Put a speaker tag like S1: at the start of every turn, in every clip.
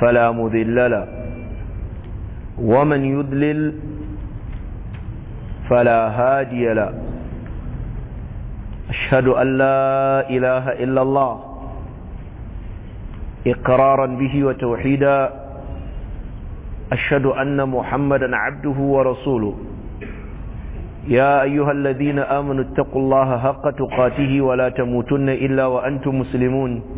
S1: فلا مذل له ومن يدلل فلا هادي له أشهد أن لا إله إلا الله إقرارا به وتوحيدا أشهد أن محمدا عبده ورسوله يا أيها الذين آمنوا اتقوا الله حق تقاته ولا تموتن إلا وأنتم مسلمون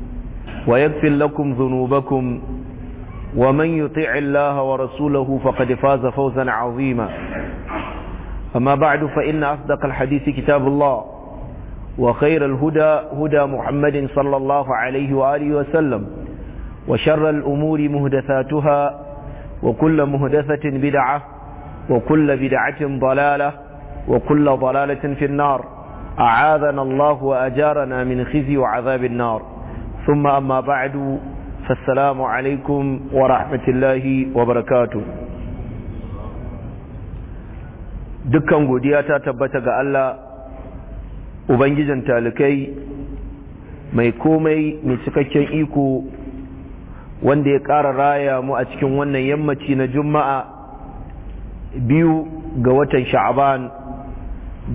S1: ويغفر لكم ذنوبكم ومن يطع الله ورسوله فقد فاز فوزا عظيما أما بعد فإن أصدق الحديث كتاب الله وخير الهدى هدى محمد صلى الله عليه وآله وسلم وشر الأمور مهدثاتها وكل مهدثة بدعة وكل بدعة ضلالة وكل ضلالة في النار أعاذنا الله وأجارنا من خزي وعذاب النار ثم أما بعد فالسلام عليكم ورحمة الله وبركاته dukkan godiya ta tabbata ga Allah ubangijin talikai mai komai mai cikakken iko wanda ya ƙara raya mu a cikin wannan yammaci na juma'a biyu ga watan sha'aban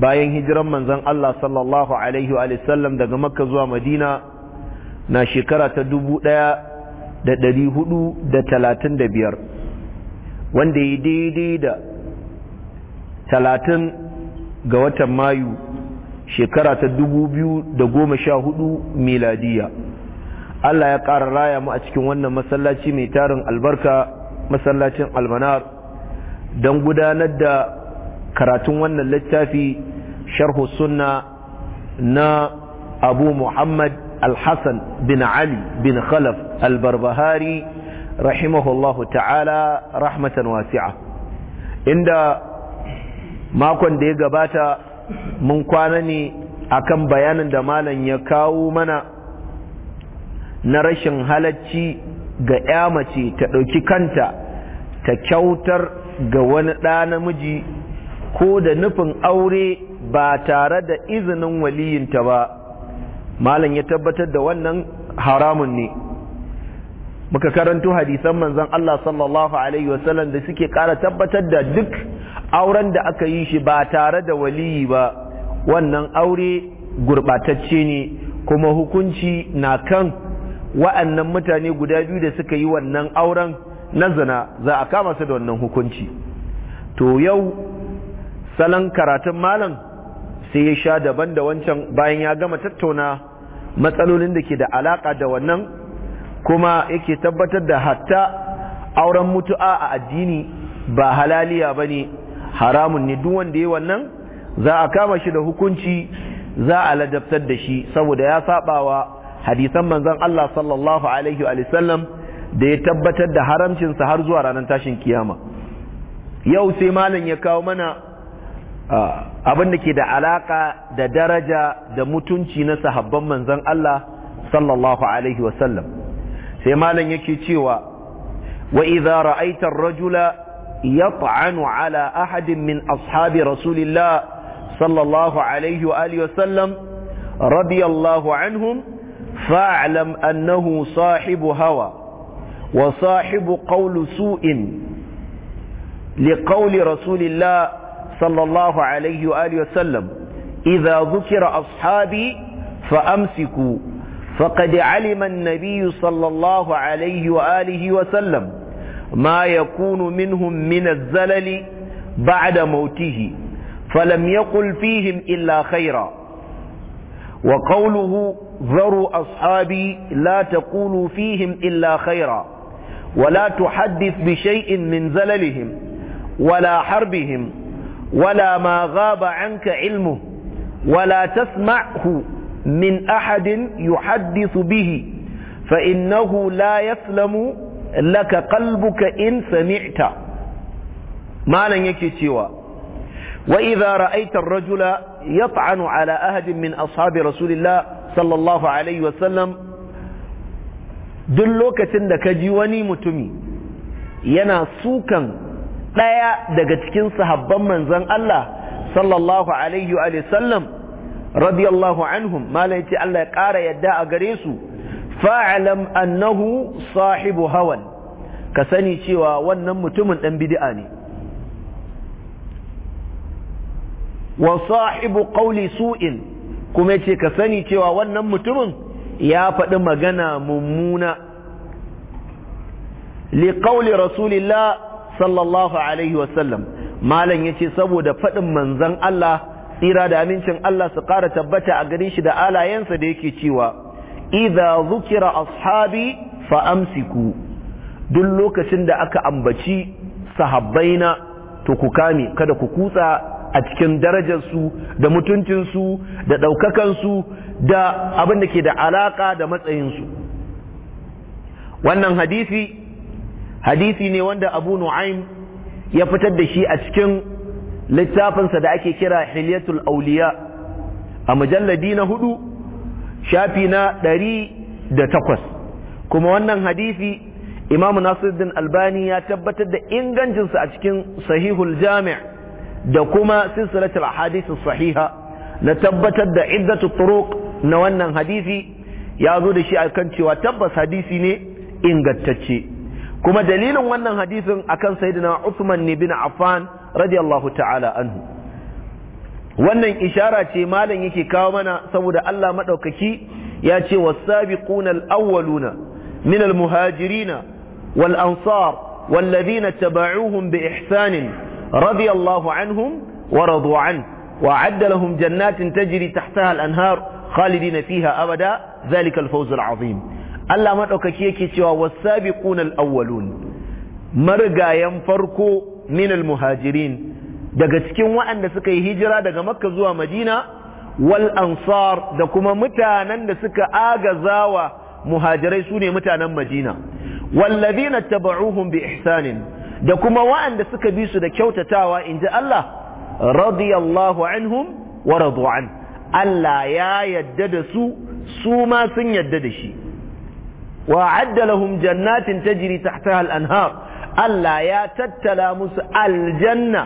S1: bayan hijiran manzon Allah sallallahu alaihi wa sallam daga makka zuwa madina na shekara ta dubu ɗaya da ɗari hudu da talatin da biyar wanda ya daidai da talatin ga watan mayu shekara ta dubu biyu da goma sha hudu miladiya Allah ya ƙara raya mu a cikin wannan masallaci mai tarin albarka masallacin almanar don gudanar da karatun wannan littafi sharhu sunna na abu muhammad AlHassan bin ali bin khalaf alBarbahari barbahari rahimahullahu ta'ala rahmatan wasi'a inda makon da ya gabata mun kwana ne akan bayanin da malam ya kawo mana na rashin halacci ga ya mace ta ɗauki kanta ta kyautar ga wani ɗa namiji ko da nufin aure ba tare da izinin waliyinta ba malam ya tabbatar da wannan haramun ne muka karanto hadisan manzon Allah sallallahu alaihi wasallam da suke ƙara tabbatar da duk auren da aka yi shi ba tare da waliyi ba wannan aure gurɓatacce ne kuma hukunci na kan wa'annan mutane guda biyu da suka yi wannan auren na zina za a kama su da wannan hukunci to yau salon karatun malam sai ya sha daban da wancan bayan ya gama tattauna matsalolin da ke da alaka da wannan kuma yake tabbatar da hatta auren mutu'a a addini ba halaliya ba ne haramun ne duk wanda ya wannan za a kama shi da hukunci za a ladabtar da shi saboda ya sabawa hadisan manzon Allah sallallahu alaihi wa sallam da ya tabbatar da haramcinsa har zuwa ranar tashin kiyama yau sai malam ya kawo mana Ah, abin da ke da alaka da daraja da mutunci na sahabban manzon Allah sallallahu alaihi wasallam sai malam yake cewa wa idza ra'aita rajula yat'anu ala ahadin min ashabi rasulillah sallallahu alaihi wa alihi wasallam radiyallahu anhum fa'lam annahu sahibu hawa wa sahibu qawli su'in liqawli rasulillah صلى الله عليه وآله وسلم إذا ذكر أصحابي فأمسكوا فقد علم النبي صلى الله عليه وآله وسلم ما يكون منهم من الزلل بعد موته فلم يقل فيهم إلا خيرا وقوله ذروا أصحابي لا تقولوا فيهم إلا خيرا ولا تحدث بشيء من زللهم ولا حربهم ولا ما غاب عنك علمه ولا تسمعه من أحد يحدث به فإنه لا يسلم لك قلبك إن سمعت ما لن يكي سوى وإذا رأيت الرجل يطعن على أحد من أصحاب رسول الله صلى الله عليه وسلم دلوك تندك جواني متمي ينا سوكا ɗaya daga cikin sahabban manzon Allah sallallahu alaihi wa sallam radiyallahu anhum malai Allah ya ƙara yadda a gare su fa'alam annahu sahibu hawan ka sani cewa wannan mutumin ɗan bid'a ne wa sahibu qawli su'in kuma yace ka sani cewa wannan mutumin ya faɗi magana mummuna li qawli rasulillah sallallahu alaihi wasallam malam yace saboda faɗin manzon Allah tsira da amincin Allah su ƙara tabbata a gare shi da alayensa da yake cewa idza zukira ashabi fa amsiku duk lokacin da aka ambaci sahabbaina to ku kame kada ku kutsa a cikin darajarsu da mutuncinsu da ɗaukakansu da abin da ke da alaƙa da matsayinsu wannan hadisi hadisi ne wanda abu nu'aim ya fitar da shi a cikin littafinsa da ake kira hilyatul auliya a mujalladi na hudu shafi na ɗari da takwas kuma wannan hadisi imamu nasiruddin albani ya tabbatar da ingancinsa a cikin sahihul jami' da kuma silsilatul hadisi sahiha na tabbatar da iddatu turuq na wannan hadisi ya zo da shi akan cewa tabbas hadisi ne ingantacce kuma dalilin wannan hadisin akan sayidina Usman ne bin Affan radiyallahu ta'ala anhu wannan ishara ce malam yake kawo mana saboda Allah madaukaki ya ce was-sabiquna al-awwaluna min al-muhajirin wal-ansar wal-ladhina bi ihsan radiyallahu anhum wa radu an wa 'adda lahum jannatin tajri tahtaha al-anhar khalidina fiha abada dhalika al-fawz azim Allah maɗaukaki yake cewa wasabi al-awwalun marigayen farko minal muhajirin daga cikin waɗanda suka yi hijira daga makka zuwa madina wal ansar da kuma mutanen da suka agazawa muhajirai su ne mutanen madina wallazina taba'uhum bi ihsanin da kuma waɗanda suka bi su da kyautatawa in ji Allah radiyallahu anhum wa radu'an Allah ya yadda da su su ma sun yadda da shi wa adda lahum jannatin tajri tahtaha al-anhar Allah ya tattala musu aljanna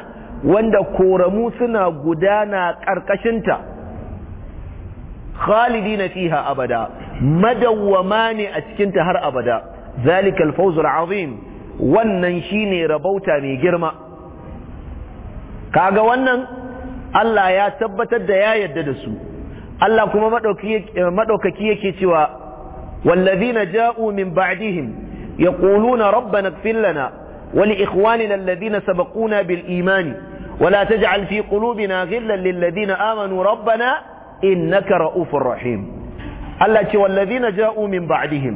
S1: wanda koramu suna gudana karkashinta khalidina fiha abada madawwama ne a cikinta har abada zalika al-fawz al-azim wannan shine rabauta mai girma kaga wannan Allah ya tabbatar da ya yarda da su Allah kuma madaukaki yake cewa والذين جاءوا من بعدهم يقولون ربنا اغفر لنا ولإخواننا الذين سبقونا بالإيمان ولا تجعل في قلوبنا غلا للذين آمنوا ربنا إنك رؤوف رحيم Allah ce wallazina ja'u min ba'dihim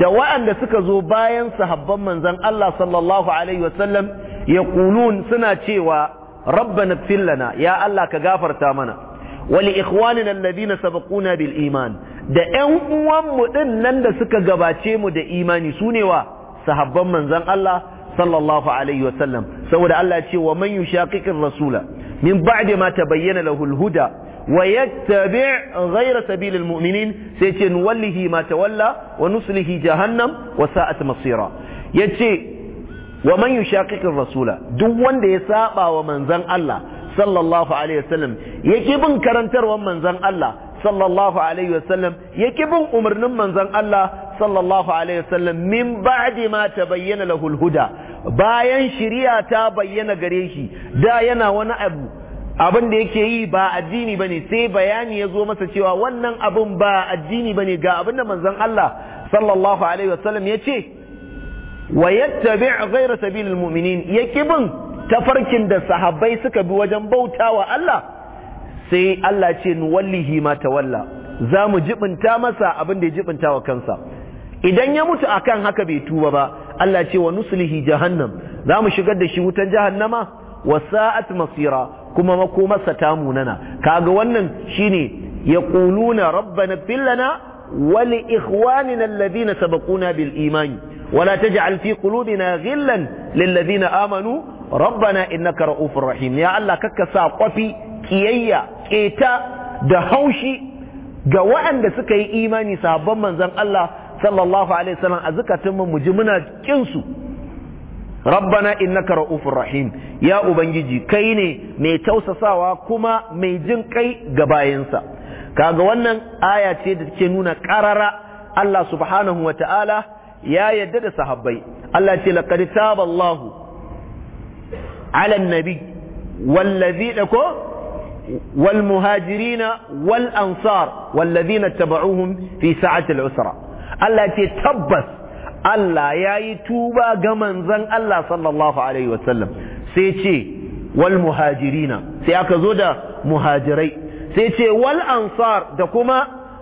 S1: da wa'anda suka zo bayan sahabban manzon Allah sallallahu ya wasallam suna cewa rabbana fil lana ya Allah ka gafarta mana wali ikhwanina alladhina sabaquna bil iman da ƴan uwan mu din nan da suka gabace mu da imani sune wa sahabban manzon Allah sallallahu alaihi wasallam saboda Allah ce wa man yushaqiqir rasula min ba'di ma bayyana lahu al-huda wa yattabi' ghayra sabilil mu'minin sai ce nuwallihi ma tawalla wa nuslihi jahannam wa sa'at masira yace wa man yushaqiqir rasula duk wanda ya saɓa wa manzon Allah sallallahu alaihi wasallam yake bin karantarwar manzon Allah sallallahu alaihi wasallam yake bin umarnin manzon Allah sallallahu alaihi wasallam min ba'di ma tabayyana bayyana huda bayan shari'a ta bayyana gare shi da yana wani abu abin da yake yi ba addini bane sai bayani ya zo masa cewa wannan abin ba addini bane ga abin da manzon Allah sallallahu alaihi wasallam ya ce wa yattabi' ghayra sabilil mu'minin yake bin tafarkin da sahabbai suka bi wajen bauta wa Allah sai Allah ce wallihi ma tawalla za mu jibinta masa abin da ya jibinta wa kansa idan ya mutu akan haka bai tuba ba Allah ce wa nuslihi jahannam za mu shigar da shi wutan jahannama wa sa'at masira kuma makomarsa ta munana kaga wannan shine na rabbana fillana wa li ikhwanina alladhina sabaquna bil imani ولا تجعل في قلوبنا غلا للذين amanu. rabbana innaka ra'ufur rahim ya Allah kakka sa kwafi kiyayya keta da haushi ga waɗanda suka yi imani sahabban manzon Allah sallallahu alaihi wasallam a zakatun mu ji muna kin su rabbana innaka ra'ufur rahim ya ubangiji kai ne mai tausasawa kuma mai jin kai ga bayansa kaga wannan aya ce da take nuna karara Allah subhanahu wa ta'ala ya yadda da sahabbai Allah ce laqad taballahu ala nabi wallazi da ko wal muhajirina wal ansar wallazina taba'uhum fi sa'atil usra Allah ce tabbas Allah ya yi tuba ga manzan Allah sallallahu alaihi wasallam sai ce wal muhajirina sai aka zo da muhajirai sai ce wal ansar da kuma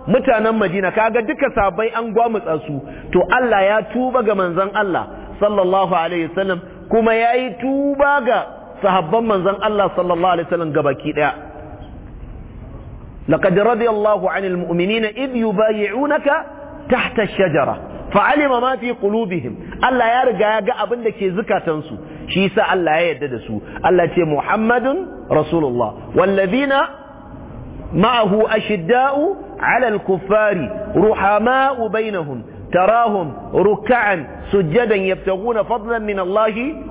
S1: mutanen Madina kaga duka sabai an gwamutsa su to Allah ya tuba ga manzon Allah sallallahu alaihi wasallam kuma ya yi tuba ga sahabban manzan Allah sallallahu Alaihi wasallam gabaki ɗaya. لقد رضي الله عن المؤمنين إذ يبايعونك تحت الشجرة فعلم ما في قلوبهم الله يرجع يقع بندك زكاة تنسو شيسا الله يددسو الله تي محمد رسول الله والذين معه أشداء على الكفار رحماء بينهم tarahum ruk'an sujjadan yabtaguna fadlan min Allah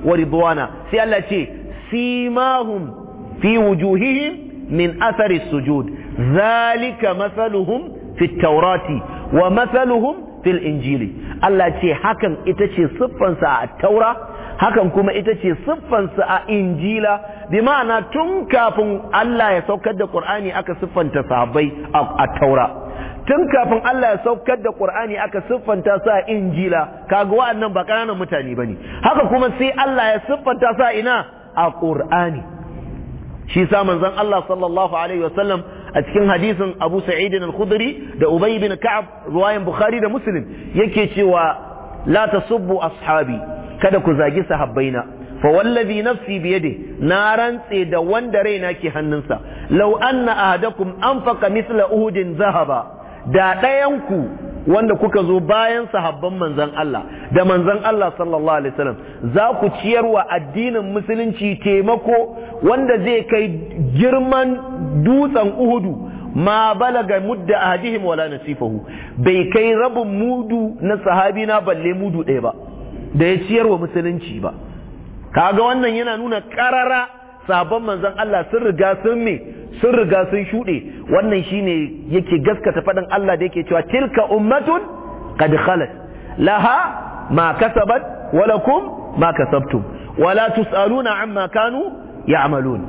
S1: wa ridwana sai Allah ce simahum fi wujuhihim min athari sujud zalika masaluhum fi taurati wa masaluhum fil injili Allah ce hakan ita ce siffansa a taura hakan kuma ita ce siffansa a injila bi tun kafin Allah ya saukar da Qur'ani aka siffanta sahabbai a taura tun kafin Allah ya saukar da Qur'ani aka siffanta su a Injila kaga wa'annan ba ƙananan mutane bane haka kuma sai Allah ya siffanta su a ina a Qur'ani shi sa manzon Allah sallallahu alaihi wasallam a cikin hadisin Abu Sa'id al-Khudri da Ubay bin Ka'ab riwayan Bukhari da Muslim yake cewa la tasubbu ashabi kada ku zagi sahabbaina rantse da wanda raina ke وندرينا كي هننسا لو أن An أنفق مثل uhudin zahaba. da ɗayanku wanda kuka zo bayan sahabban manzan Allah da manzan Allah sallallahu alaihi wasallam za ku ciyarwa addinin musulunci taimako wanda zai kai girman dutsen Uhudu ma balaga mudda ahadihim wala nasifahu bai kai rabin mudu na sahabi na balle mudu ɗaya ba da ya ciyar wa musulunci ba kaga wannan yana nuna ƙarara sabon manzon Allah sun riga sun me sun riga sun shuɗe wannan shine yake gaskata faɗin Allah da yake cewa tilka ummatun qad khalat laha ma kasabat wa lakum ma kasabtum wa la tusaluna amma kanu ya'malun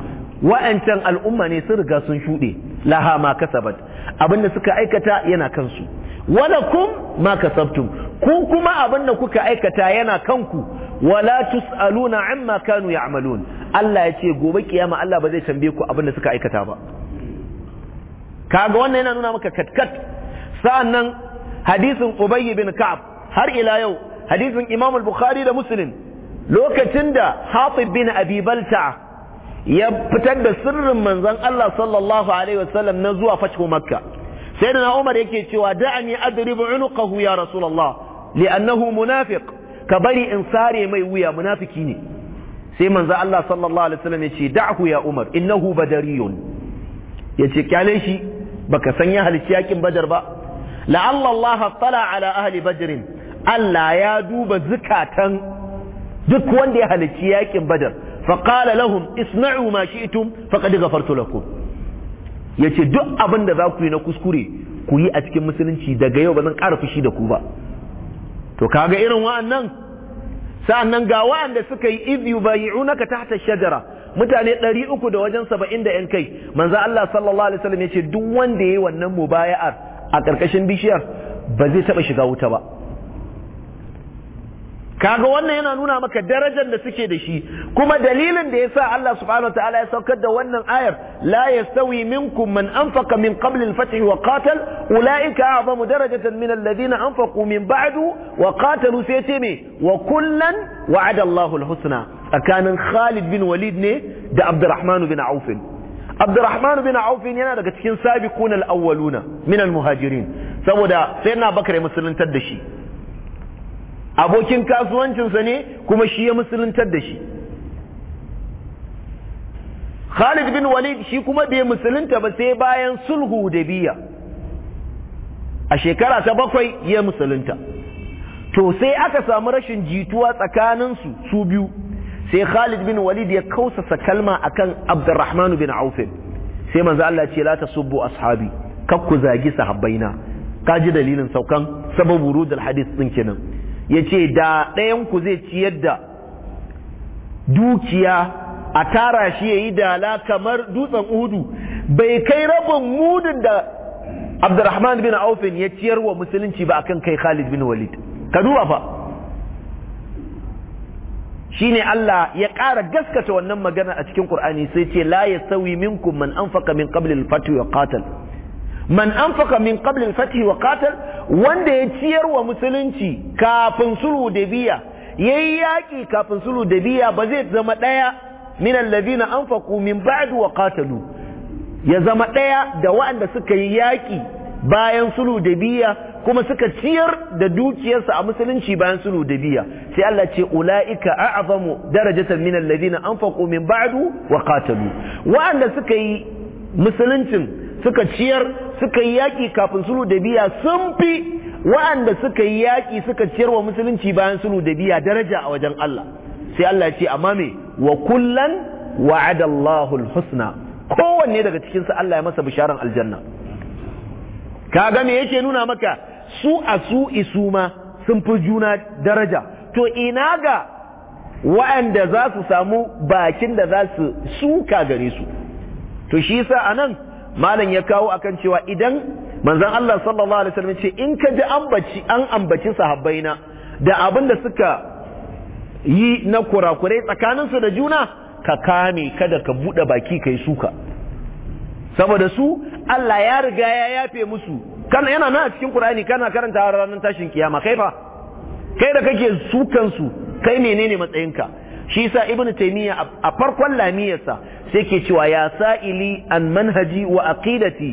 S1: wa'ancan al'umma ne sun riga sun shuɗe laha ma kasabat abinda suka aikata yana kansu wa lakum ma kasabtum ku kuma abinda kuka aikata yana kanku la tus'aluna amma kanu ya'malun Allah ya ce gobe kiyama Allah ba zai tambaye ku abin da suka aikata ba kaga wannan yana nuna maka katkat sa'annan hadisin Ubay bin Ka'ab har ila yau hadisin Imam al-Bukhari da Muslim lokacin da Hatib bin Abi Balta ya fitar da sirrin manzon Allah sallallahu alaihi wasallam na zuwa fathu Makka sayyidina Umar yake cewa da'ani adrib unuqahu ya Rasulullah li'annahu munafiq ka bari in sare mai wuya munafiki ne sai manzo Allah sallallahu alaihi wasallam yace da'hu ya Umar innahu badariyun yace kyale shi baka san ya halicci yakin badar ba la'alla Allah tala ala ahli badarin Allah ya duba zukatan duk wanda ya halicci yakin badar fa qala lahum isma'u ma shi'tum faqad ghafartu lakum yace duk abin da za ku yi na kuskure ku yi a cikin musulunci daga yau ba zan ƙara fushi da ku ba to kaga irin wa'annan sa'annan ga wa'anda suka yi iz yubayi'unaka tahta shajara mutane 300 da wajen 70 da yan kai manzo Allah sallallahu alaihi wasallam yace duk wanda yayi wannan mubaya'ar a karkashin bishiyar ba zai taba shiga wuta ba kaga wannan yana nuna maka darajar da suke da shi kuma dalilin da yasa Allah subhanahu wataala ya saukar da wannan ayar la yastawi minkum man anfaqa min qabl al-fath wa qatal ulaika a'zamu darajatan min alladhina anfaqu min ba'du wa qatalu sai me wa kullan wa'ada Allahu al-husna tsakanin Khalid bin Walid ne da Abdurrahman bin Auf Abdurrahman bin Auf yana daga cikin sabiqun al-awwaluna min al-muhajirin saboda sai na bakare musuluntar da shi abokin kasuwancinsa ne kuma shi ya musuluntar da shi Khalid bin Walid shi kuma bai musulunta ba sai bayan sulhu da biya a shekara ta bakwai ya musulunta to sai aka samu rashin jituwa tsakaninsu su biyu sai Khalid bin Walid ya kausasa kalma akan Abdurrahman bin Auf sai manzo Allah ce la tasubbu ashabi kakku zagi sahabbaina kaji dalilin saukan sababu rudul hadith din kenan ya ce da ɗayanku zai ciyar da dukiya a tara shi ya yi dala kamar dutsen uhudu bai kai rabin mudin da abdurrahman bin aufin ya ciyar wa musulunci ba akan kai khalid bin walid ka duba fa Shi ne Allah ya ƙara gaskata wannan magana a cikin ƙur'ani sai ce la ya sauyi minkum man anfaqa min qabli fatuwa ƙatal man anfaka min qabl al-fath wa qatal wanda ya ciyar wa musulunci kafin sulhu da biya yayi yaƙi kafin sulhu da biya ba zai zama daya min alladhina anfaqu min ba'd wa qatalu ya zama ɗaya da waɗanda suka yi yaki bayan sulhu da biya kuma suka ciyar da dukiyarsa a musulunci bayan sulhu da biya sai Allah ce ulaika a'zamu darajatan min alladhina anfaqu min ba'du wa qatalu waɗanda suka yi musuluncin suka ciyar suka yi yaƙi kafin sulhu da biya sun fi wa'anda suka yi yaƙi suka ciyar wa musulunci bayan sulhu da biya daraja a wajen Allah sai Allah ya ce amma me wa kullan wa'adallahu alhusna kowanne daga cikin su Allah ya masa bisharan aljanna kaga me yake nuna maka su a su isu ma sun fi juna daraja to ina ga wa'anda za su samu bakin da za su suka gare su to shi yasa anan malam ya kawo akan cewa idan manzon Allah sallallahu alaihi wasallam ce in ka ji ambaci an ambaci sahabbaina da abin da suka yi na kurakurai tsakaninsu da juna ka kame kada ka buɗe baki kai suka saboda su Allah ya riga ya yafe musu kana yana nan cikin Qur'ani kana karanta ranar tashin kiyama kai fa kai da kake sukan su kai menene matsayinka shi sa ibn taymiya a farkon lamiyarsa sai ke cewa ya sa'ili an manhaji wa aqidati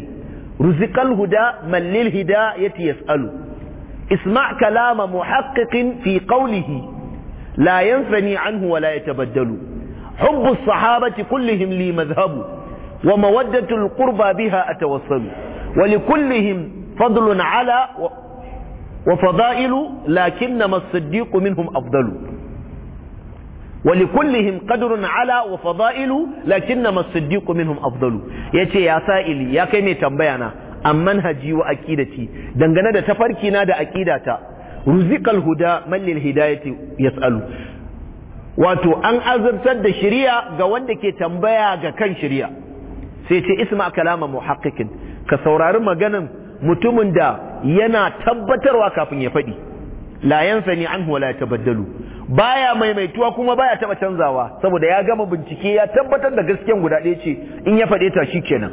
S1: ruziqal huda man lil hidayati yas'alu isma' kalam muhaqqiqin fi qawlihi la yanfani anhu wa la yatabaddalu hubbu as-sahabati kullihim li madhhabu wa mawaddatu al-qurba biha atawassalu wa likullihim fadlun ala wa وفضائل لكنما الصديق minhum afdalu ولكلهم قدر على وفضائل لكنما الصديق منهم أفضل يتي يا سائلي يا كيمي تنبيانا أم منهجي وأكيدتي دنغنا دا تفركي نادا أكيدتا رزق الهدى من ya يسأل wato an azurtar da shari'a ga wanda ke tambaya ga kan shari'a sai ce isma kalama muhaqqiqin ka saurari maganan mutumin da yana tabbatarwa kafin ya faɗi la yansani anhu wala tabaddalu baya maimaituwa kuma baya taba canzawa saboda ya gama bincike ya tabbatar da gaskiyar guda ɗaya ce in ya faɗe ta shikenan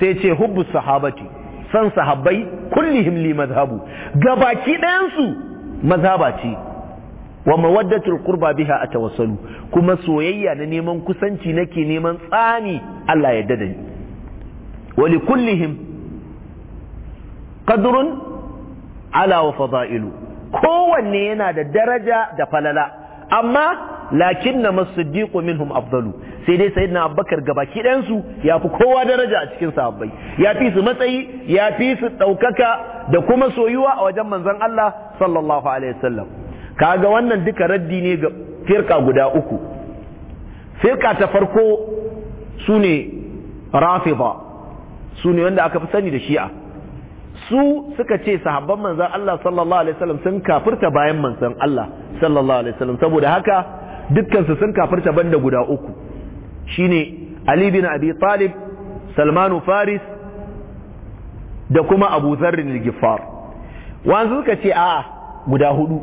S1: sai ce hubbu sahabati san sahabbai kullihim li mazhabu gabaki ɗayan su mazhaba ce wa mawaddatul qurba biha atawassalu kuma soyayya na neman kusanci nake neman tsani Allah ya dada wa li kullihim qadrun ala wa fadailu kowanne yana da daraja da falala amma lakin na masiddiqu minhum afdalu sai dai sayyidina abubakar Abakar gaba su ya fi kowa daraja a cikin sahabbai ya fi su matsayi ya fi su ɗaukaka da kuma soyuwa a wajen manzon Allah sallallahu alaihi wasallam kaga wannan duka raddi ne ga firka guda uku firka ta farko sune rafida sune wanda aka fi sani da shi'a su suka ce sahabban manzan Allah sallallahu alaihi wasallam sun kafirta bayan manzan Allah sallallahu alaihi wasallam saboda haka dukkansu sun kafirta banda guda uku shine Ali bin Abi Talib Salmanu Faris da kuma Abu Dharr al-Ghiffar wanzu suka ce a guda hudu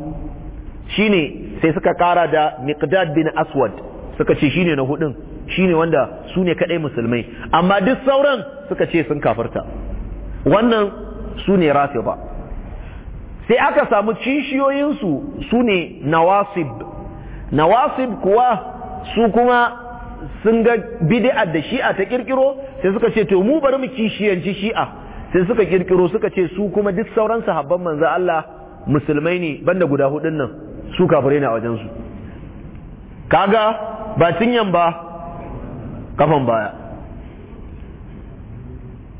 S1: shine sai suka kara da Miqdad bin Aswad suka ce shine na hudun shine wanda su ne kadai musulmai amma duk sauran suka ce sun kafirta wannan su ne ba sai aka samu cishiyoyinsu su ne nawasib nawasib kuwa su kuma sun ga bidi'a da shi'a ta kirkiro sai suka ce to mu bari mu kishiyanci shi'a sai suka kirkiro suka ce su kuma duk sauran sahabban manzo Allah musulmai ne banda guda hudun nan su kafirai ne a wajen su kaga ba cinyan ba kafan baya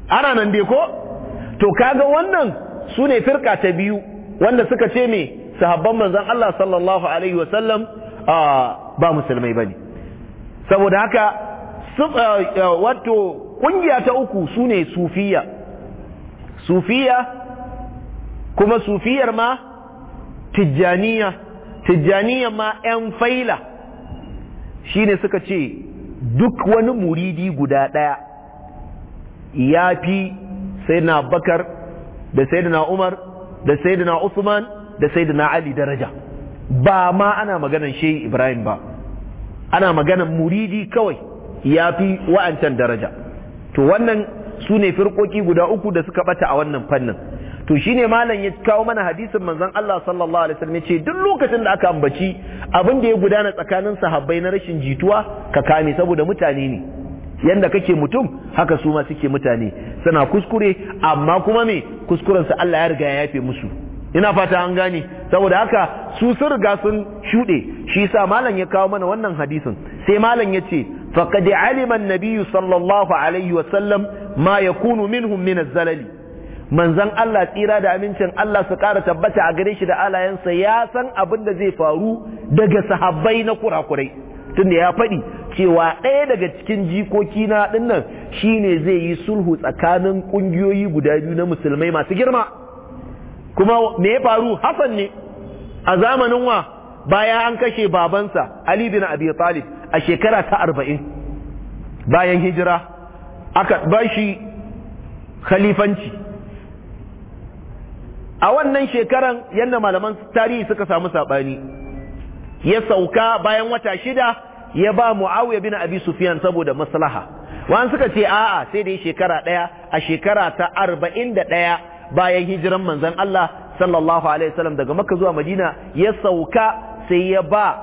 S1: ana nan dai ko to kaga wannan su ne firka ta biyu wanda suka ce me sahabban manzon Allah sallallahu alaihi wasallam ba musulmai bane saboda haka wato kungiya ta uku su ne sufiya sufiya kuma sufiyar ma tijjaniya tijjaniya ma 'yan faila shine suka ce duk wani muridi guda ɗaya ya fi sayyidina Abubakar da sayyidina Umar da sayyidina Usman da sayyidina Ali daraja ba ma ana maganan Shehu Ibrahim ba ana maganan muridi kawai ya fi wa'ancan daraja to wannan su ne firkoki guda uku da suka bata a wannan fannin to shi ne malam ya kawo mana hadisin manzon Allah sallallahu alaihi wasallam ce duk lokacin da aka ambaci abin da ya gudana tsakanin sahabbai na rashin jituwa ka kame saboda mutane ne yanda kake mutum haka su ma suke mutane suna kuskure amma kuma me kuskuren su Allah ya riga ya yafe musu ina fata an gane saboda haka su sun riga sun shuɗe shi sa malam ya kawo mana wannan hadisin sai malam ya ce faqad alima an-nabiy sallallahu alaihi wa sallam ma yakunu minhum min az-zalali manzon Allah tsira da amincin Allah su ƙara tabbata a gare shi da alayansa ya san abin da zai faru daga sahabbai na kurakurai tunda ya faɗi cewa ɗaya daga cikin jikoki na shi shine zai yi sulhu tsakanin ƙungiyoyi guda biyu na musulmai masu girma kuma me ya faru Hassan ne a zamanin wa baya an kashe babansa Ali bin Abi Talib a shekara ta arba'in. bayan hijira aka shi khalifanci a wannan shekaran yadda malaman tarihi suka samu saɓani ya sauka bayan wata shida ya ba Muawiya bin Abi Sufyan saboda maslaha wa'an suka ce a'a sai da shekara ɗaya a shekara ta arba'in da ɗaya bayan hijiran manzon Allah sallallahu alaihi wasallam daga Makka zuwa Madina ya sauka sai ya ba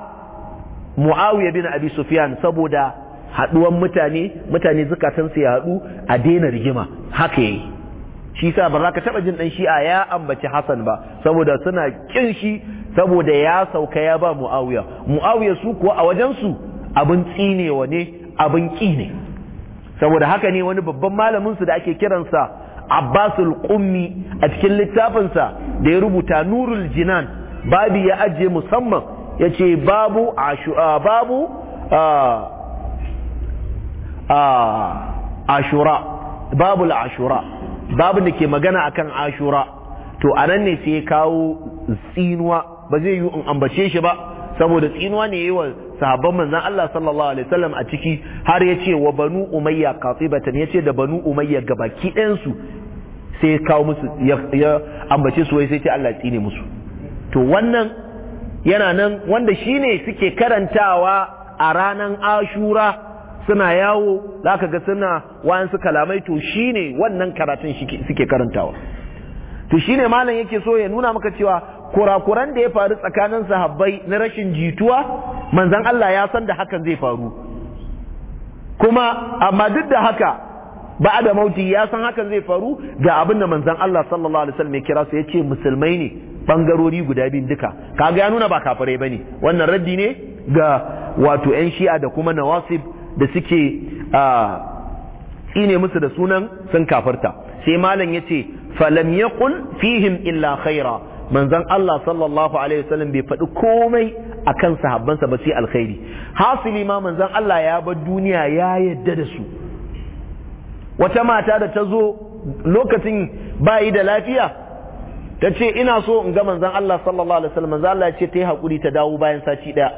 S1: Muawiya bin Abi Sufyan saboda haɗuwan mutane mutane su ya haɗu a daina rigima haka yayi shi sa ba za ka taɓa jin ɗan shi'a ya ambaci Hassan ba saboda suna kin shi saboda ya sauka ya ba Muawiya Muawiya su kuwa a wajen su abin tsinewa ne abin ƙi ne saboda haka ne wani babban malamin su da ake kiransa abbasul qummi a cikin littafinsa da ya rubuta nurul jinan babu ya ajiye musamman ya ce babu ashura babu ashura babu da ke magana akan ashura to anan ne sai ya kawo tsinuwa ba zai yi in ambace shi ba saboda tsinuwa ne yi wa sahabban manzon Allah sallallahu alaihi wasallam a ciki har yace wa banu umayya qatibatan yace da banu umayya gabaki ɗayan su sai ya kawo musu ya ambace su wai sai ce Allah tsine musu to wannan yana nan wanda shine suke karantawa a ranan ashura suna yawo zaka ga suna wayansu kalamai to shine wannan karatun suke karantawa to shine malam yake so ya nuna maka cewa kurakuran da ya faru tsakanin sahabbai na rashin jituwa manzan Allah ya san da hakan zai faru kuma amma duk da haka ba da mauti ya san hakan zai faru ga abin da manzan Allah sallallahu alaihi wasallam ya kira su yace musulmai ne bangarori guda biyu duka kaga ya nuna ba kafirai bane wannan raddi ne ga wato yan shi'a da kuma nawasib da suke tsine musu da sunan sun kafirta sai malam yace falam yaqul fihim illa khaira manzan Allah sallallahu alaihi wasallam bai faɗi komai akan sahabbansa ba sai alkhairi hasili ma manzan Allah ya bar duniya ya yadda da su wata mata da ta zo lokacin bayi da lafiya ta ce ina so in ga manzan Allah sallallahu alaihi wasallam manzan Allah ya ce ta yi hakuri ta dawo bayan sati daya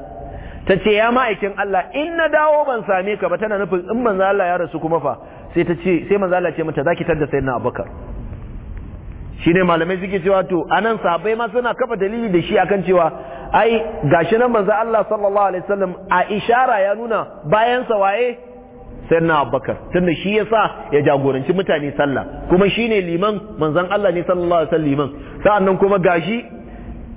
S1: ta ce ya ma'aikin Allah in na dawo ban same ka ba tana nufin in manzan Allah ya rasu kuma fa sai ta ce sai manzan Allah ce mata zaki tada sayyidina Abubakar shine malamai suke cewa to anan sahabbai ma suna kafa dalili da shi akan cewa ai gashi nan manzo Allah sallallahu alaihi wasallam a ishara ya nuna bayan sa waye sayyidina Abubakar tunda shi yasa ya jagoranci mutane sallah kuma shine liman manzon Allah ne sallallahu alaihi wasallam liman sa'annan kuma gashi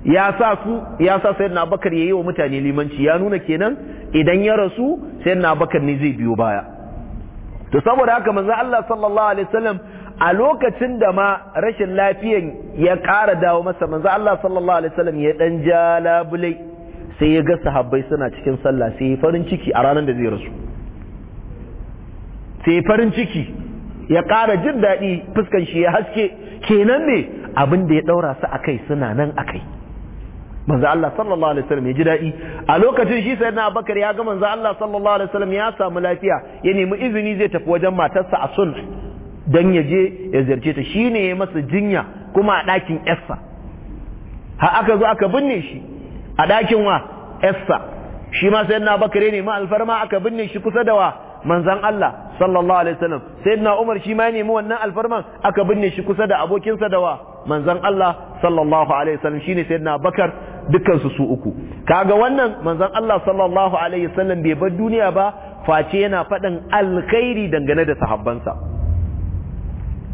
S1: ya sa su ya sa sayyidina Abubakar yayi wa mutane limanci ya nuna kenan idan ya rasu sayyidina Abubakar ne zai biyo baya to saboda haka manzo Allah sallallahu alaihi wasallam a lokacin da ma rashin lafiyan ya ƙara dawo masa manzo Allah sallallahu alaihi wasallam ya dan ja labule sai ya ga sahabbai suna cikin sallah sai ya farin ciki a ranar da zai rasu sai ya farin ciki ya ƙara jin daɗi fuskan shi ya haske kenan ne abin da ya ɗaura su akai suna nan akai manzo Allah sallallahu alaihi wasallam ya ji daɗi a lokacin shi sai na Abubakar ya ga manzo Allah sallallahu alaihi wasallam ya samu lafiya ya nemi izini zai tafi wajen matarsa a sunna dan ya je ya zarce ta shine ya masa jinya kuma a ɗakin Essa ha aka zo aka binne shi a ɗakin wa Essa shi ma na Bakare ne ma alfarma aka binne shi kusa da wa manzan Allah sallallahu alaihi wasallam na Umar shi ma nemi wannan alfarman aka binne shi kusa da abokinsa da wa manzan Allah sallallahu alaihi wasallam shine sayyidina Bakar dukkan su su uku kaga wannan manzan Allah sallallahu alaihi wasallam bai bar duniya ba face yana faɗin alkhairi dangane da sahabbansa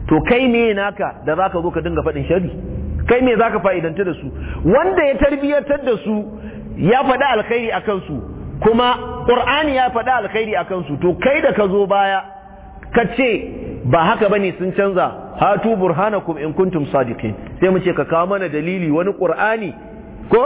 S1: to kai me naka da zaka zo ka dinga faɗin shari kai me zaka fa'idanta da su wanda ya tarbiyyantar da su ya faɗi alkhairi a kansu kuma ƙur'ani ya faɗi alkhairi a kansu to kai da ka zo baya ka ce ba haka ba ne sun canza hatu burhanakum in kuntum sadiqin sai mu ce ka kawo mana dalili wani ƙur'ani ko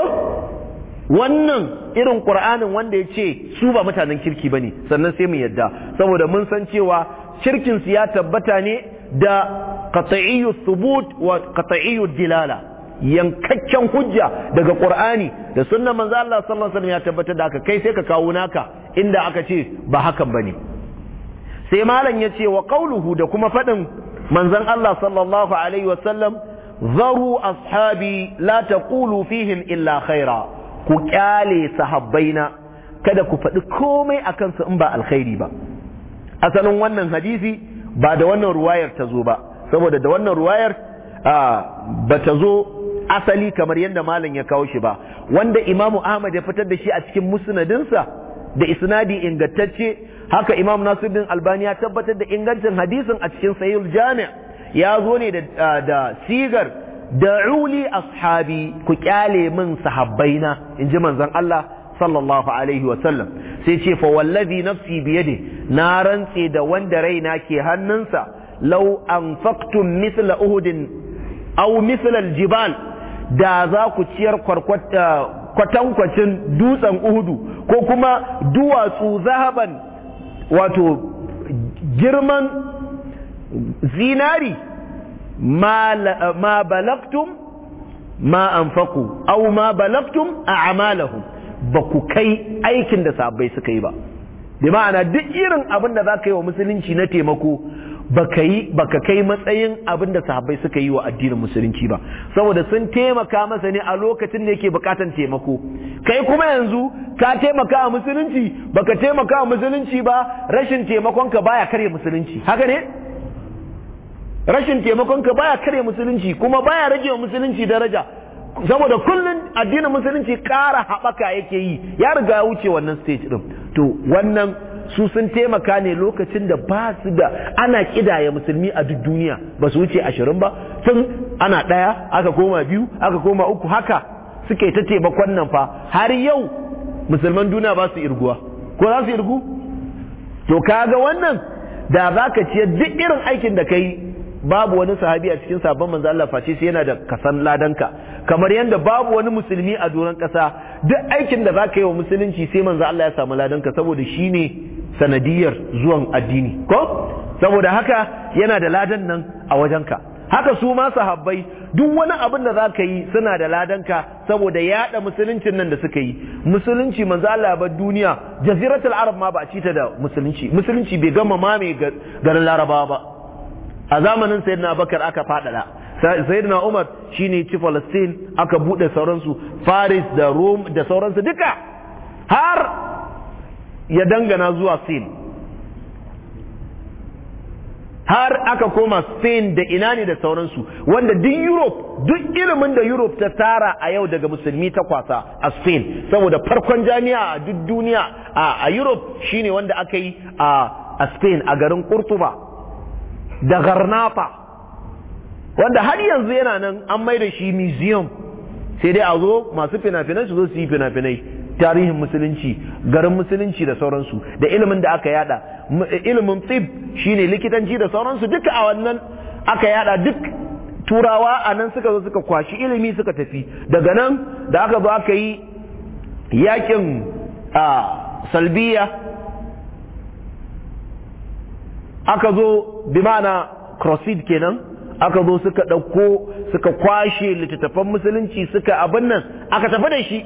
S1: wannan irin ƙur'anin wanda ya ce su ba mutanen kirki ba ne? sannan sai mu yadda saboda mun san cewa su ya tabbata ne da qat'iyyu thubut wa qat'iyyu dilala yankakken hujja daga qur'ani da sunna manzo Allah sallallahu alaihi wasallam ya tabbatar da haka kai sai ka kawo naka inda aka ce ba hakan bane sai malam ya ce wa qauluhu da kuma fadin manzon Allah sallallahu alaihi wasallam zaru ashabi la taqulu fihim illa khaira ku kyale sahabbaina kada ku faɗi komai akan su in ba alkhairi ba asalin wannan hadisi ba da wannan ruwayar ta zo ba saboda da wannan ruwayar ba ta zo asali kamar yadda malam ya kawo shi ba wanda imamu ahmad ya fitar da shi a cikin musnadinsa da isnadi ingantacce haka imam nasiruddin albani ya tabbatar da ingancin hadisin a cikin sahihul Jami'a. ya zo ne da sigar da'uli ashabi ku kyale min sahabbaina in ji manzon Allah sallallahu alaihi wasallam sai ce fa wallazi nafsi biyade na rantse da wanda raina ke hannunsa law anfaqtum mithla uhudin aw mithla aljibal da za ku ciyar kwatankwacin dutsen uhudu ko kuma duwatsu zahaban wato girman zinari ma balaktum ma anfaku aw ma balagtum a'malahum ba ku kai aikin da sahabbai suka yi ba bi ma'ana duk irin abin da za ka yi wa musulunci na taimako ba ka kai matsayin abin da sahabbai suka yi wa addinin musulunci ba saboda sun taimaka masa ne a lokacin da yake bukatan taimako kai kuma yanzu ka taimaka a musulunci Ba ka taimaka a musulunci ba rashin taimakonka baya kare musulunci haka ne rashin taimakonka baya kare musulunci kuma baya rage wa musulunci daraja saboda kullun addinin musulunci ƙara haɓaka yake yi ya riga ya wuce wannan stage din. to wannan su sun taimaka ne lokacin da ba su da ana kidaya musulmi a duk duniya ba su wuce ashirin ba tun ana ɗaya aka koma biyu aka koma uku haka suke ta taimakon nan fa har yau musulman duniya ba su irguwa ko za su irgu to kaga wannan da za ka duk irin aikin da ka yi babu wani sahabi a cikin sabon manzo Allah face sai yana da kasan ladanka kamar yadda babu wani musulmi a doron kasa duk aikin da zaka yi wa musulunci sai manzo Allah ya samu ladanka saboda shine sanadiyar zuwan addini ko saboda haka yana da ladan nan a wajenka haka su ma sahabbai duk wani abin da zaka yi suna da ladanka saboda yada musuluncin nan da suka yi musulunci manzo Allah ba duniya jaziratul arab ma ba ci cita da musulunci musulunci bai gama mai garin larabawa ba a zamanin sayyidina bakar aka fadada sayyidina umar shine ci palestine aka bude sauransu paris da rome da sauransu duka har ya dangana zuwa sin har aka koma spain da ina ne da sauransu wanda duk europe duk ilimin da europe ta tara a yau daga musulmi ta kwasa a spain saboda farkon jami'a a duk duniya a europe shine wanda aka yi a spain a garin kurtuba da garnafa wanda har yanzu yana nan an mai da shi museum sai dai a zo masu fina-finai su zo su yi fina-finai tarihin musulunci garin musulunci da sauransu da ilimin da aka yada ilimin tsib shine likitanci da sauransu duka a wannan aka yada duk turawa a nan suka zo suka kwashi ilimi suka tafi daga nan da aka zo aka yi yakin a ah, salbiya aka zo bi ma'ana kenan aka zo suka ɗauko suka kwashe littattafan musulunci suka abin nan aka tafi da shi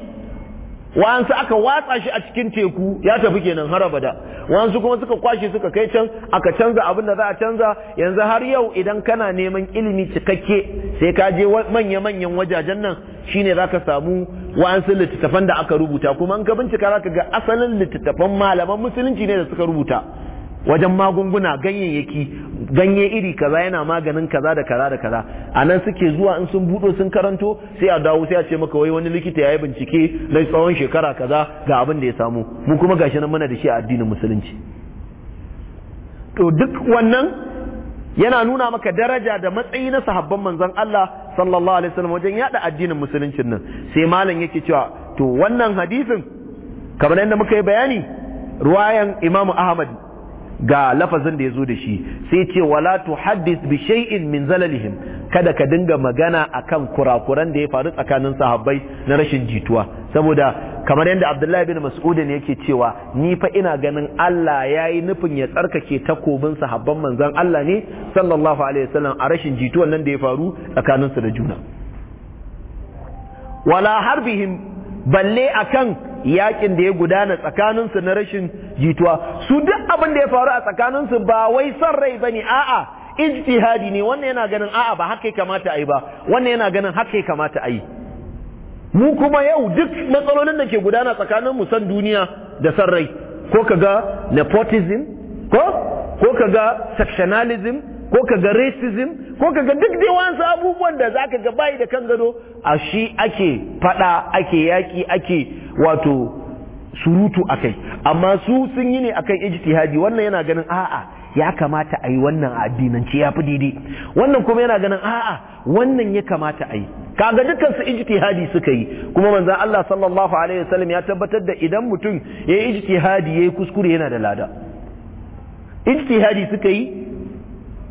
S1: wa'ansu aka watsa shi a cikin teku ya tafi kenan har abada wa'ansu kuma suka kwashe suka kai can aka canza abin da za a canza yanzu har yau idan kana neman ilimi cikakke sai ka je manya-manyan wajajen nan shine za ka samu wa'ansu littattafan da aka rubuta kuma an ka bincika za ka ga asalin littattafan malaman musulunci ne da suka rubuta wajen magunguna ganyayyaki ganye iri kaza yana maganin kaza da kaza da kaza a nan suke zuwa in sun buɗo sun karanto sai a dawo sai a ce maka wai wani likita ya yi bincike na tsawon shekara kaza ga abin da ya samu mu kuma gashi nan muna da shi a addinin musulunci to duk wannan yana nuna maka daraja da matsayi na sahabban manzon Allah sallallahu alaihi wasallam wajen yada addinin musuluncin nan sai malam yake cewa to wannan hadisin kamar yadda muka yi bayani ruwayan Imam Ahmad ga lafazin da ya zo da shi sai ce wala tu haddis bi shay'in min zalalihim kada ka dinga magana akan kurakuran da ya faru tsakanin sahabbai na rashin jituwa saboda kamar yadda Abdullahi bin Mas'ud ne yake cewa ni fa ina ganin Allah yayi nufin ya tsarkake takobin sahabban manzon Allah ne sallallahu alaihi wasallam a rashin jituwan nan da ya faru tsakanin su da juna wala harbihim balle akan yakin da ya gudana tsakaninsu na rashin jituwa su duk abin da ya faru a tsakaninsu ba wai son rai ba ne. a'a ijtihadi ne wannan yana ganin a'a ba haka kamata a yi ba wannan yana ganin haka kamata a yi mu kuma yau duk matsalolin da ke gudana tsakanin mu san duniya da son rai ko kaga nepotism ko ko kaga sectionalism ko ka ga racism ko ka ga duk dai wasu abubuwan da za ka gabayi da kan gado a shi ake fada ake yaki ake wato surutu a kai amma su sun yi ne a akan ijtihadi wannan yana ganin a'a ya kamata a yi wannan addinance ya fi daidai wannan kuma yana ganin a'a wannan ya kamata a yi kaga dukkan su ijtihadi suka yi kuma manzon Allah sallallahu alaihi wasallam ya tabbatar da idan mutum ya ijtihadi yayi kuskure yana da lada ijtihadi suka yi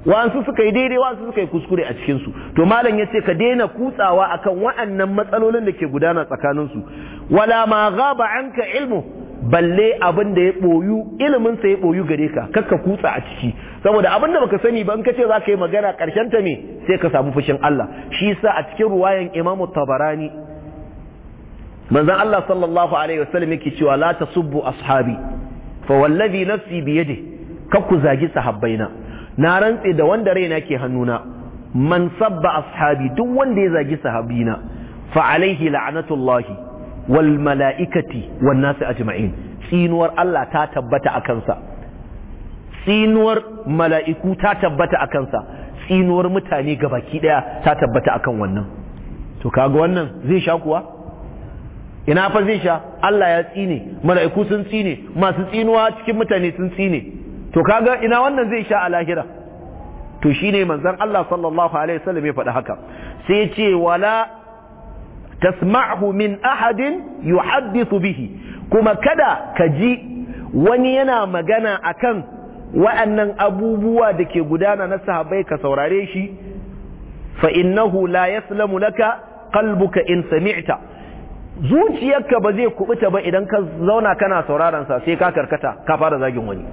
S1: wa'ansu suka yi daidai wa'ansu suka yi kuskure a cikinsu to malam ya ce ka daina kutsawa akan wa'annan matsalolin da ke gudana tsakaninsu wala ma gaba ka ilmu balle abin da ya boyu iliminsa ya boyu gare ka kakka kutsa a ciki saboda abin da baka sani ba in kace za ka yi magana karshen ta me sai ka samu fushin Allah shi yasa a cikin ruwayan Imam Tabarani manzon Allah sallallahu alaihi wasallam yake cewa la tasubbu ashabi fa wallazi nafsi biyadihi kakku zagi sahabbaina na rantse da wanda raina ke hannuna man sabba ashabi duk wanda ya zagi sahabi na. fa alaihi la'anatullahi wal mala'ikati wan nasi ajma'in tsinuwar Allah ta tabbata a kansa tsinuwar mala'iku ta tabbata a kansa tsinuwar mutane gabaki daya ta tabbata akan wannan to kaga wannan zai sha kuwa ina fa zai sha Allah ya tsine mala'iku sun tsine masu tsinuwa cikin mutane sun tsine to kaga ina wannan zai sha a lahira to shine manzon Allah sallallahu alaihi wasallam ya faɗi haka sai ya ce wala tasma'hu min ahadin yuhaddithu bihi kuma kada ka ji wani yana magana akan wa'annan abubuwa da ke gudana na sahabbai ka saurare shi fa innahu la yaslamu laka qalbuka in sami'ta zuciyarka ba zai kubuta ba idan ka zauna kana sauraron sa sai ka karkata ka fara zagin wani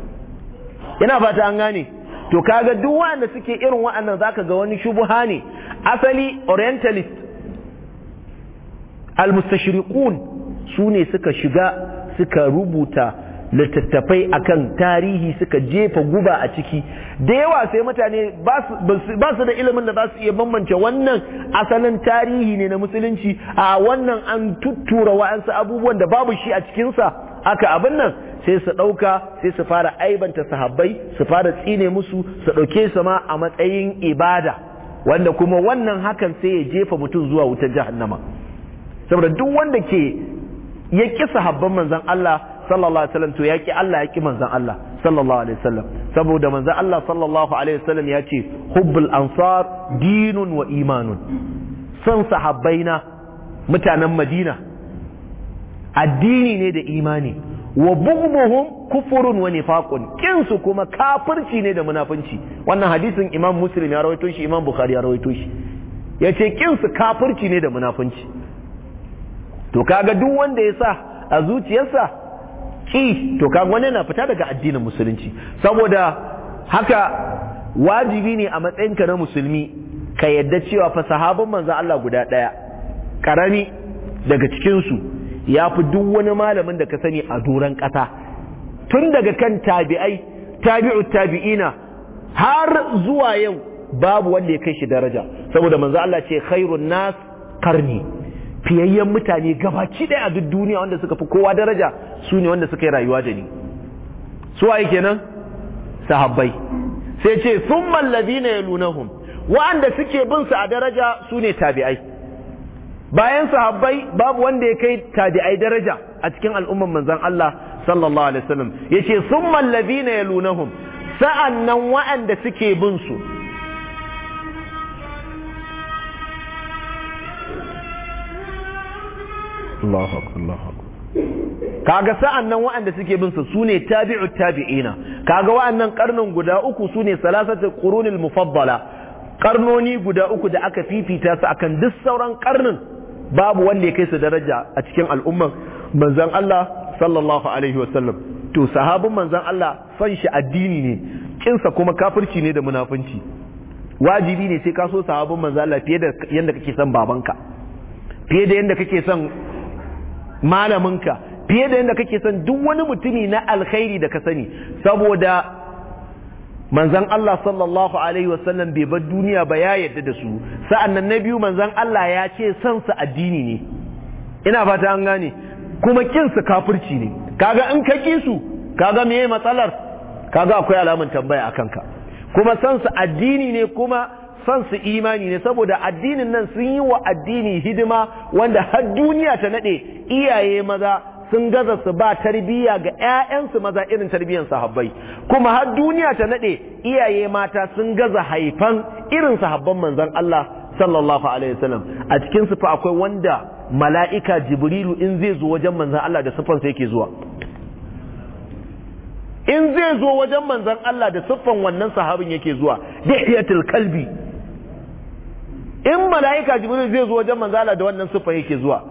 S1: ina fata an gane to kaga duk wanda suke irin wa'annan zaka ga wani shubuha ne asali orientalist almustashriqun su ne suka shiga suka rubuta littattafai akan tarihi suka jefa guba a ciki da yawa sai mutane ba su da ilimin da za su iya bambance wannan asalin tarihi ne na musulunci a wannan an tuttura wa'ansu abubuwan da babu shi a cikinsa aka abin nan sai su ɗauka sai su fara aibanta sahabbai su fara tsine musu su ɗauke su ma a matsayin ibada wanda kuma wannan hakan sai ya jefa mutum zuwa wutar jahannama saboda duk wanda ke ya ƙi sahabban manzon Allah sallallahu alaihi wasallam to ya ƙi Allah ya ƙi manzon Allah sallallahu alaihi wasallam saboda manzo Allah sallallahu alaihi wasallam ya ce hubbul ansar dinun wa imanun son sahabbaina mutanen Madina addini ne da imani wa bughmuhum kufurun wa nifaqun kinsu kuma kafirci ne da munafunci wannan hadisin Imam Muslim ya rawaito shi Imam Bukhari ya rawaito shi yace kinsu kafirci ne da munafunci to kaga duk wanda ya sa a zuciyarsa ki to kaga wani na fita daga addinin musulunci saboda haka wajibi ne a matsayinka na musulmi ka yadda cewa fa sahabban manzo Allah guda daya karami daga cikin su ya fi duk wani malamin da ka sani a duran kasa tun daga kan tabi'ai tabi'u tabi'ina har zuwa yau babu wanda ya kai shi daraja saboda manzo Allah ce khairun nas qarni fiyayyen mutane gabaki ɗaya a duk duniya wanda suka fi kowa daraja su ne wanda suka yi rayuwa da ni su waye kenan sahabbai sai ce sun mallabi na yalunahum wa'anda suke bin su a daraja su ne tabi'ai bayan sahabbai babu wanda ya kai tabi'ai daraja a cikin al'umman manzan Allah sallallahu alaihi wasallam yace sun mallabi na yalunahum sa'annan wa'anda suke bin su Allahu akbar Allahu akbar kaga sa'an nan waɗanda suke bin su sune tabi'u tabi'ina kaga waɗannan karnin guda uku sune salasatu qurunil mufaddala karnoni guda uku da aka fifita su akan duk sauran karnin babu wanda ya kai su daraja a cikin al'umman manzon Allah sallallahu alaihi wasallam to sahabin manzon Allah san shi addini ne kinsa kuma kafirci ne da munafunci wajibi ne sai ka so sahabin manzon Allah fiye da yanda kake son babanka fiye da yanda kake son malaminka fiye da yadda kake son duk wani mutumi na alkhairi da ka sani saboda manzan Allah sallallahu alaihi wasallam bai bar duniya ba ya yadda da su sa'annan na biyu manzan Allah ya ce son su addini ne ina fata an gane kuma kin su kafirci ne kaga in ka ki su kaga meye matsalar kaga akwai alaman tambaya a kanka? kuma son su addini ne kuma son su imani ne saboda addinin nan sun yi wa addini hidima wanda har duniya ta nade iyaye maza sun gaza su ba tarbiyya ga 'ya'yansu maza irin tarbiyyar sahabbai kuma har duniya ta nade iyaye mata sun gaza haifan irin sahabban manzon Allah sallallahu alaihi wasallam a cikin su fa akwai wanda mala'ika jibrilu in zai zo wajen manzon Allah da siffansa yake zuwa in zai zo wajen manzon Allah da siffan wannan sahabin yake zuwa dihiyatul kalbi in mala'ika jibril zai zo wajen manzala da wannan sufa yake zuwa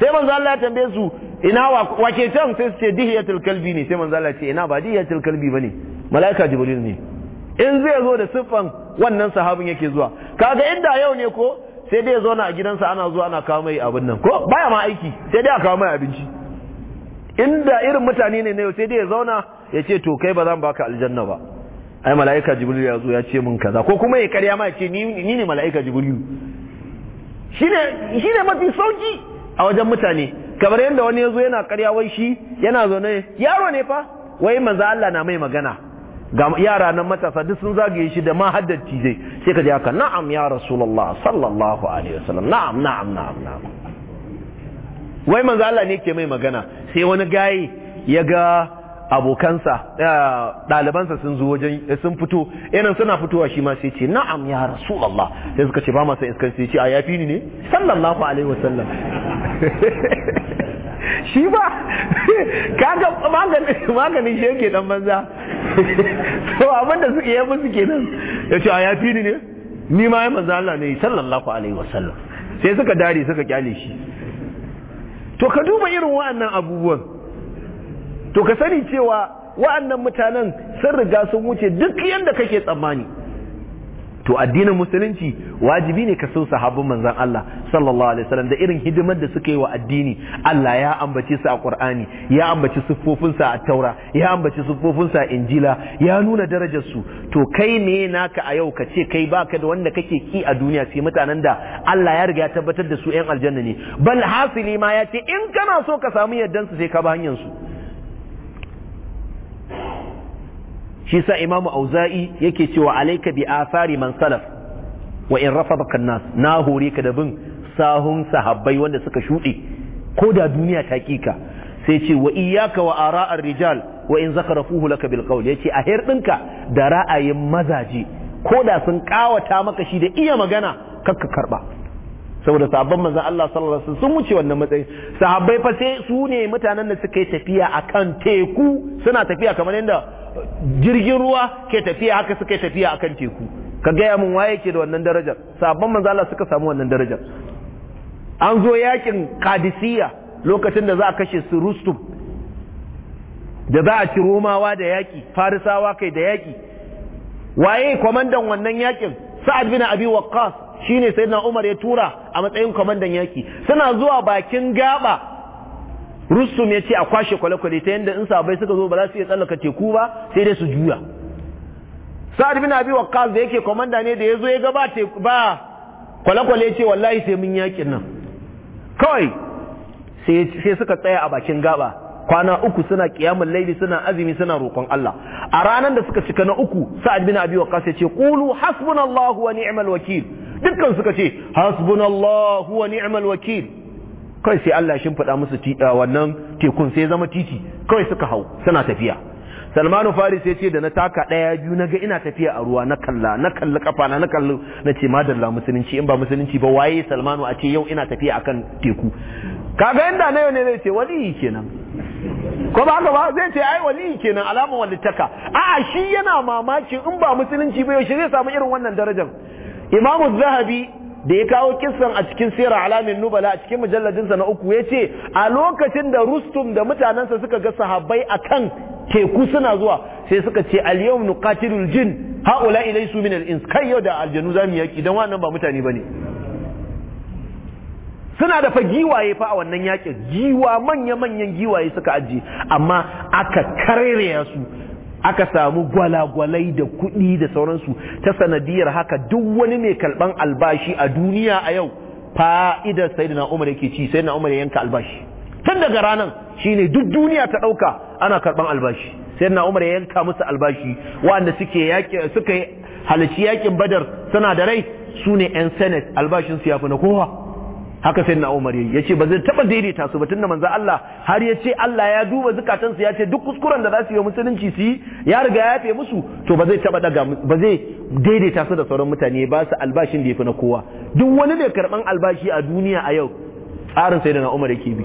S1: sai Allah ya tambaye su ina wake can sai su ce dihiyatul kalbi ne sai manzala ce ina ba dihiyatul kalbi bane mala'ika jibril ne in zai zo da siffan wannan sahabin yake zuwa kaga inda yau ne ko sai dai ya zauna a gidansa ana zuwa ana kawo mai abin nan ko baya ma aiki sai dai a kawo mai abinci inda irin mutane ne na yau sai dai ya zauna ya ce to kai ba zan baka aljanna ba ai mala'ika jibril ya zo ya ce min kaza ko kuma ya karya ma ya ce ni ne mala'ika jibril shi ne mafi sauki a wajen mutane kamar yadda wani ya zo yana karya wai shi yana zaune yaro ne fa wai manzo Allah na mai magana ga yara nan matasa duk sun zagaye shi da ma haddaci zai sai ka ji haka na'am ya rasulullah sallallahu alaihi wasallam na'am na'am na'am na'am wai manzo Allah ne ke mai magana sai wani gaye ya ga abokansa ɗalibansa sun zo wajen eh, sun fito yanan eh, suna fitowa shi ma sai ce na'am ya Allah sai suka ce ba masa iskan sai ce a yafi ni ne sallallahu alaihi wasallam shi ba kaga maganin shi yake dan banza to abinda suke yi musu kenan ya ce a yafi ni ne ni ma ya manzo Allah ne sallallahu alaihi wasallam sai suka dare suka kyale shi to ka duba irin wa'annan abubuwan to ka sani cewa wa'annan mutanen sun riga sun wuce duk yadda kake tsammani to addinin musulunci wajibi ne ka san sahabbun manzon Allah sallallahu alaihi wasallam da irin hidimar da suka yi wa addini Allah ya ambace su a Qur'ani ya ambaci siffofin a Taura ya ambaci siffofin a Injila ya nuna darajar su to kai ne naka a yau ka ce kai baka da wanda kake ki a duniya sai mutanen da Allah ya riga ya tabbatar da su yan aljanna ne bal hasili ma ya ce in kana so ka samu yaddan su sai ka ba hanyar su shi sa imamu auza'i yake cewa alaika bi asari man salaf wa in rafadaka nas na hore ka da bin sahun sahabbai wanda suka shuɗe ko da duniya ta kika sai ce wa iyyaka wa ara'ar rijal wa in zakarafuhu laka bil qawl yace a hirdinka da ra'ayin mazaje ko da sun kawata maka shi da iya magana kakka karba saboda sahabban manzan Allah sallallahu alaihi wasallam sun wuce wannan matsayi sahabbai fa sai su ne mutanen da suka yi tafiya akan teku suna tafiya kamar yadda jirgin ruwa ke tafiya haka suka yi tafiya akan teku ka gaya mun waye ke da wannan darajar sahabban manzan Allah suka samu wannan darajar an zo yakin kadisiya lokacin da za a kashe su Rustum da za a ci Romawa da yaki Farisawa kai da yaki waye kwamandan wannan yakin Sa'ad bin Abi Waqqas shine na Umar ya tura a matsayin kwamandan yaki suna zuwa bakin gaba Rustum ya ce a kwashe kwalekwale ta yadda in sabai suka zo ba za su iya tsallaka teku ba sai dai su juya sa'ad bin abi waqqas da yake komanda ne da yazo ya ga ba ba kwale-kwale ce wallahi sai mun yakin nan kawai sai suka tsaya a bakin gaba kwana uku suna kiyamul laili suna azumi suna roƙon Allah a ranar da suka cika na uku sa'ad bin abi waqas yace qulu hasbunallahu wa ni'mal wakil dukkan suka ce hasbunallahu wa ni'mal wakil kai sai Allah shin faɗa musu wannan tekun sai zama titi kai suka hau suna tafiya salmanu faris yace ce da na taka ɗaya biyu na ga ina tafiya a ruwa na kalla na kalli kafa na kalli na ce madalla musulunci in ba musulunci ba waye salmanu a ce yau ina tafiya akan teku kaga inda na yau ne zai ce wali kenan ko ba haka ba zai ce ai wali kenan alaman walittaka a'a shi yana mamaki in ba musulunci ba yaushe zai samu irin wannan darajar imamu zahabi da ya kawo kissan a cikin sirar alamin nubala a cikin mujalladinsa na uku ya ce a lokacin da rustum da mutanensa suka ga sahabbai a kan teku suna zuwa sai suka ce al-yawm nuqatilul jin haula ilaysu min al-ins kai yau da aljanu zamu yaki dan wannan ba mutane bane suna da fa giwaye fa a wannan yakin giwa manya-manyan giwaye suka ajiye amma aka karere su aka samu gwalagwalai da kuɗi da sauransu ta sanadiyar haka duk wani mai kalban albashi a duniya a yau fa'idar na umar yake ci sai umar yanka albashi tun daga ranar shine duk duniya ta ɗauka ana kalban albashi na umar ya yanka musu albashi waɗanda suke halici suka badar suna da rai su ne 'yan senate albashinsu ya fi na kowa haka sai na umar ya ce ba zai taba daidaita su ba da manzan Allah har ya ce Allah ya duba zukatansu ya ce duk kuskuren da za su yi wa musulunci su yi ya riga ya fi musu to ba zai taba daga ba zai daidaita su da sauran mutane ba su albashin da ya fi na kowa duk wani mai karban albashi a duniya a yau tsarin sai na umar yake bi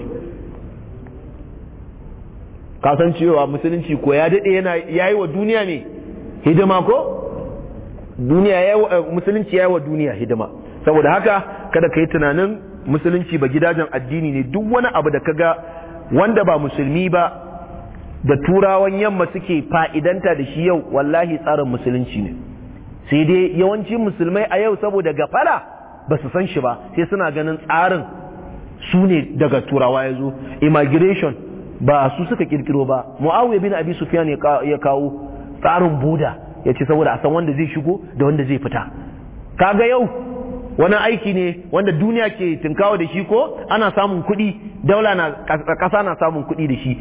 S1: ka san cewa musulunci ko ya daɗe yana yi wa duniya ne hidima ko duniya eh, musulunci yi wa duniya hidima saboda haka kada ka yi tunanin musulunci ba gidajen addini ne duk wani abu da kaga wanda ba musulmi ba da turawan yamma suke fa'idanta da shi yau wallahi tsarin musulunci ne sai dai yawanci musulmai a yau saboda gafara ba su san shi ba sai suna ganin tsarin su ne daga turawa ya zo immigration ba su suka kirkiro ba muawiya bin abi sufyan ya kawo tsarin buda ya ce saboda a san wanda zai shigo da wanda zai fita kaga yau wani aiki ne wanda duniya ke tunkawa da shi ko ana samun kuɗi daula na kasa na samun kuɗi da shi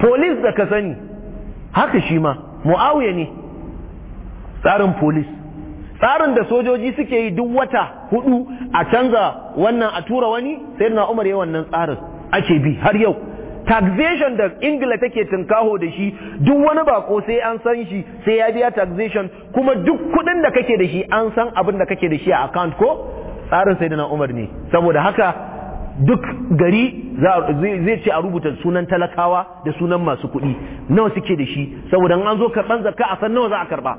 S1: polis da ka sani haka shi ma mu'awiya ne tsarin polis tsarin da sojoji suke yi duk wata hudu a canza wannan a tura wani sai na umar yi wannan tsarin ake bi har yau taxation da ingila take tunkaho da shi duk wani bako sai an san shi sai ya biya taxation kuma duk kuɗin da kake da shi an san abin da kake da shi a account ko tsarin sai na umar ne saboda haka duk gari zai ce a rubuta sunan talakawa da sunan masu kuɗi nawa suke da shi saboda an zo karɓar zakka a san nawa za a karɓa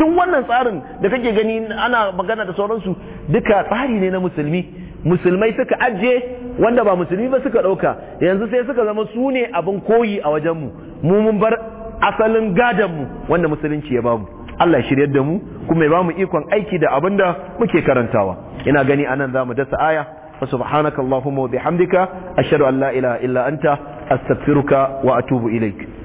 S1: duk wannan tsarin da kake gani ana magana da sauransu duka tsari ne na musulmi musulmai suka ajiye wanda ba musulmi ba suka ɗauka yanzu sai suka zama su ne abin koyi a wajen mu mun bar asalin gadonmu wanda musulunci ya bamu Allah shiryar da mu kuma ya bamu ikon aiki da abin da muke karantawa ina gani anan zamu dasa aya fa subhanakallahumma wa bihamdika ashhadu an la ilaha illa anta astaghfiruka wa atubu ilaik